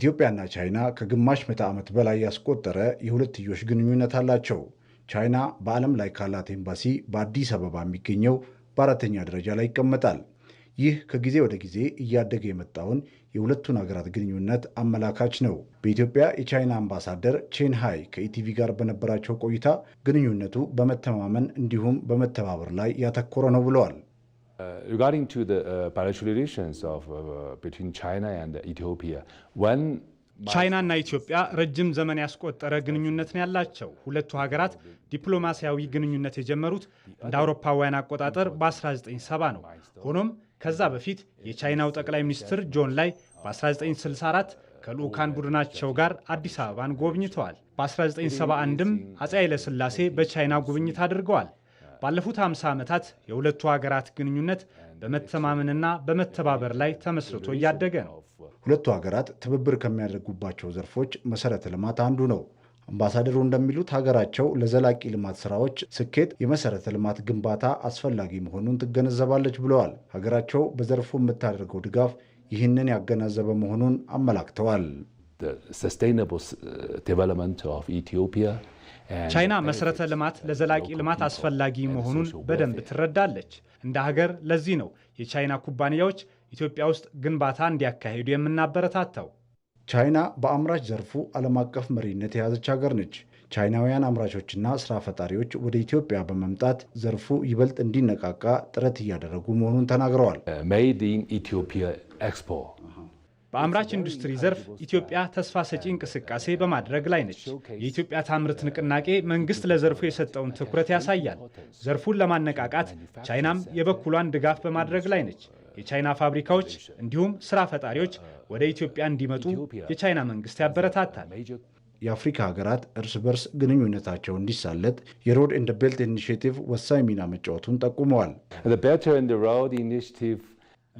ኢትዮጵያና ቻይና ከግማሽ ምዕተ ዓመት በላይ ያስቆጠረ የሁለትዮሽ ግንኙነት አላቸው። ቻይና በዓለም ላይ ካላት ኤምባሲ በአዲስ አበባ የሚገኘው በአራተኛ ደረጃ ላይ ይቀመጣል። ይህ ከጊዜ ወደ ጊዜ እያደገ የመጣውን የሁለቱን ሀገራት ግንኙነት አመላካች ነው። በኢትዮጵያ የቻይና አምባሳደር ቼን ሃይ ከኢቲቪ ጋር በነበራቸው ቆይታ ግንኙነቱ በመተማመን እንዲሁም በመተባበር ላይ ያተኮረ ነው ብለዋል። Uh, regarding to the uh, bilateral relations of uh, between China and Ethiopia, when ቻይናና ኢትዮጵያ ረጅም ዘመን ያስቆጠረ ግንኙነት ነው ያላቸው። ሁለቱ ሀገራት ዲፕሎማሲያዊ ግንኙነት የጀመሩት እንደ አውሮፓውያን አቆጣጠር በ1970 ነው። ሆኖም ከዛ በፊት የቻይናው ጠቅላይ ሚኒስትር ጆን ላይ በ1964 ከልዑካን ቡድናቸው ጋር አዲስ አበባን ጎብኝተዋል። በ1971ም አፄ ኃይለሥላሴ በቻይና ጉብኝት አድርገዋል። ባለፉት 50 ዓመታት የሁለቱ ሀገራት ግንኙነት በመተማመንና በመተባበር ላይ ተመስርቶ እያደገ ነው። ሁለቱ ሀገራት ትብብር ከሚያደርጉባቸው ዘርፎች መሰረተ ልማት አንዱ ነው። አምባሳደሩ እንደሚሉት ሀገራቸው ለዘላቂ ልማት ስራዎች ስኬት የመሰረተ ልማት ግንባታ አስፈላጊ መሆኑን ትገነዘባለች ብለዋል። ሀገራቸው በዘርፉ የምታደርገው ድጋፍ ይህንን ያገናዘበ መሆኑን አመላክተዋል። the sustainable uh, development ቻይና መሰረተ ልማት ለዘላቂ ልማት አስፈላጊ መሆኑን በደንብ ትረዳለች። እንደ ሀገር ለዚህ ነው የቻይና ኩባንያዎች ኢትዮጵያ ውስጥ ግንባታ እንዲያካሂዱ የምናበረታታው። ቻይና በአምራች ዘርፉ ዓለም አቀፍ መሪነት የያዘች ሀገር ነች። ቻይናውያን አምራቾችና ስራ ፈጣሪዎች ወደ ኢትዮጵያ በመምጣት ዘርፉ ይበልጥ እንዲነቃቃ ጥረት እያደረጉ መሆኑን ተናግረዋል። ሜድ ኢን ኢትዮጵያ ኤክስፖ በአምራች ኢንዱስትሪ ዘርፍ ኢትዮጵያ ተስፋ ሰጪ እንቅስቃሴ በማድረግ ላይ ነች። የኢትዮጵያ ታምርት ንቅናቄ መንግስት ለዘርፉ የሰጠውን ትኩረት ያሳያል። ዘርፉን ለማነቃቃት ቻይናም የበኩሏን ድጋፍ በማድረግ ላይ ነች። የቻይና ፋብሪካዎች እንዲሁም ስራ ፈጣሪዎች ወደ ኢትዮጵያ እንዲመጡ የቻይና መንግስት ያበረታታል። የአፍሪካ ሀገራት እርስ በርስ ግንኙነታቸው እንዲሳለጥ የሮድ ኤንድ ቤልት ኢኒሽቲቭ ወሳኝ ሚና መጫወቱን ጠቁመዋል።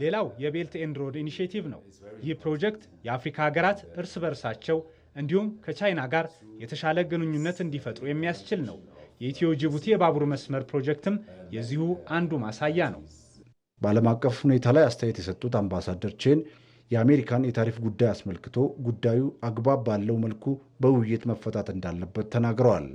ሌላው የቤልት ኤንድ ሮድ ኢኒሽቲቭ ነው። ይህ ፕሮጀክት የአፍሪካ ሀገራት እርስ በርሳቸው እንዲሁም ከቻይና ጋር የተሻለ ግንኙነት እንዲፈጥሩ የሚያስችል ነው። የኢትዮ ጅቡቲ የባቡር መስመር ፕሮጀክትም የዚሁ አንዱ ማሳያ ነው። በዓለም አቀፍ ሁኔታ ላይ አስተያየት የሰጡት አምባሳደር ቼን የአሜሪካን የታሪፍ ጉዳይ አስመልክቶ ጉዳዩ አግባብ ባለው መልኩ በውይይት መፈታት እንዳለበት ተናግረዋል።